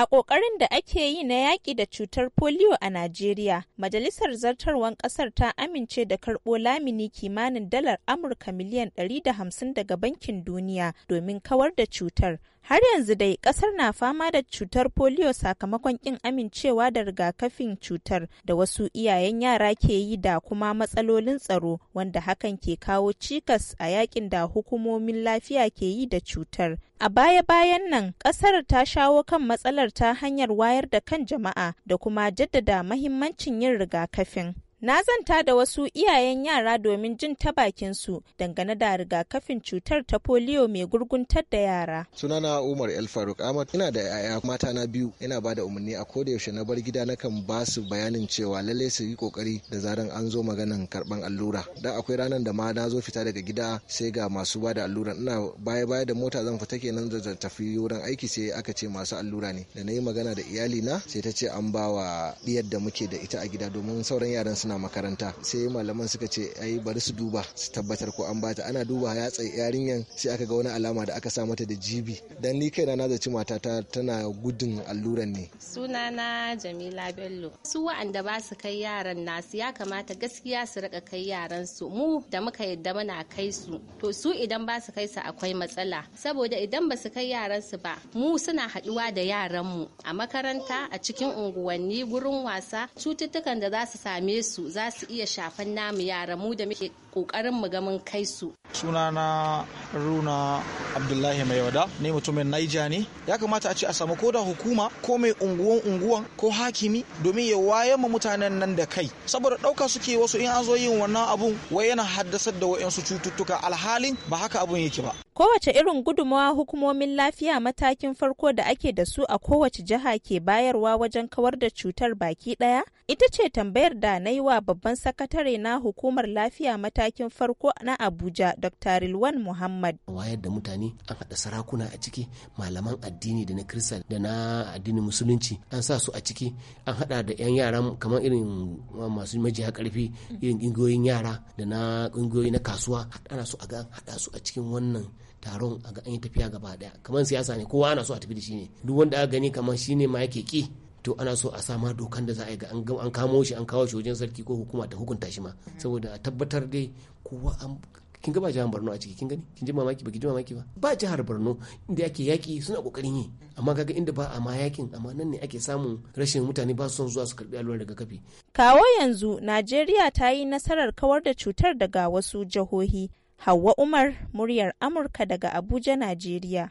A ƙoƙarin da ake yi na yaƙi da cutar foliyo a Najeriya, Majalisar zartarwar ƙasar ta amince da karɓo lamini kimanin dalar Amurka miliyan 150 daga Bankin Duniya domin kawar da cutar. Har yanzu dai kasar na fama da cutar polio sakamakon kin amincewa da rigakafin cutar da wasu iyayen yara ke yi da kuma matsalolin tsaro wanda hakan ke kawo cikas a yakin da hukumomin lafiya ke yi da cutar. A baya-bayan nan kasar ta shawo kan matsalar ta hanyar wayar da kan jama'a da kuma jaddada mahimmancin yin rigakafin. Na zanta da wasu iyayen yara domin jin ta bakinsu dangane da rigakafin cutar ta foliyo mai gurguntar da yara. Sunana Umar El Faruk Ahmad ina da yaya mata na biyu ina ba da umarni a ko da yaushe na bar gida nakan ba su bayanin cewa lalle su yi kokari da zaran an zo maganan karban allura. Da akwai ranar da ma na zo fita daga gida sai ga masu ba da allura ina baya baya da mota zan fita kenan da tafi wurin aiki sai aka ce masu allura ne. Da na yi magana da iyali na sai ta ce an ba wa diyar da muke da ita a gida domin sauran yaran sun suna makaranta sai malaman suka ce ai bari su duba su tabbatar ko an bata ana duba ya tsaye yarinyan sai aka ga wani alama da aka sa mata da jibi dan ni kaina na zaci matata tana gudun alluran ne Suna na jamila bello su wa'anda ba su kai yaran nasu ya kamata gaskiya su rika kai yaran su mu da muka yadda muna kai su to su idan ba su kai su akwai matsala saboda idan ba su kai yaran su ba mu suna haduwa da yaran mu a makaranta a cikin unguwanni gurin wasa cututtukan da za su same su su za su iya shafan namu yara mu da muke kokarin mu ga mun kai su sunana runa abdullahi mai wada ne mutumin naija ne ya kamata a ce a samu ko da hukuma ko mai unguwan unguwan ko hakimi domin ya waye ma mutanen nan da kai saboda ɗauka suke wasu in an zo yin wannan abun wai yana haddasar da wa'yansu cututtuka alhalin ba haka abun yake ba kowace irin gudunmawa hukumomin lafiya matakin farko da ake da su a kowace jiha ke bayarwa wajen kawar da cutar baki ɗaya Ita ce tambayar da na yi wa babban sakatare na hukumar lafiya matakin farko na Abuja Dr. Rilwan Muhammad. Wayar da mutane an haɗa sarakuna a ciki malaman addini da na Kirista da na addinin Musulunci an sa su a ciki an haɗa da 'yan yara kamar irin masu majiya ƙarfi irin ƙungiyoyin yara da na ƙungiyoyi na kasuwa ana so a ga haɗa su a cikin wannan taron a ga an yi tafiya gaba daya kamar siyasa ne kowa ana so a tafi da shi ne duk wanda aka gani kamar shi ne ma yake ki to ana so a sama dokan da za a yi ga an kamo shi an kawo shi wajen sarki ko hukuma ta hukunta shi ma saboda a tabbatar dai kowa an kin ga ba jihar Borno a ciki kin gani kin ji mamaki ba kin ji mamaki ba ba jihar Borno inda yake yaki suna kokarin yi amma kaga inda ba a ma yakin amma nan ne ake samun rashin mutane ba son zuwa su karbi daga kafi kawo yanzu Najeriya ta yi nasarar kawar da cutar daga wasu jihohi Hauwa Umar muryar Amurka daga Abuja Najeriya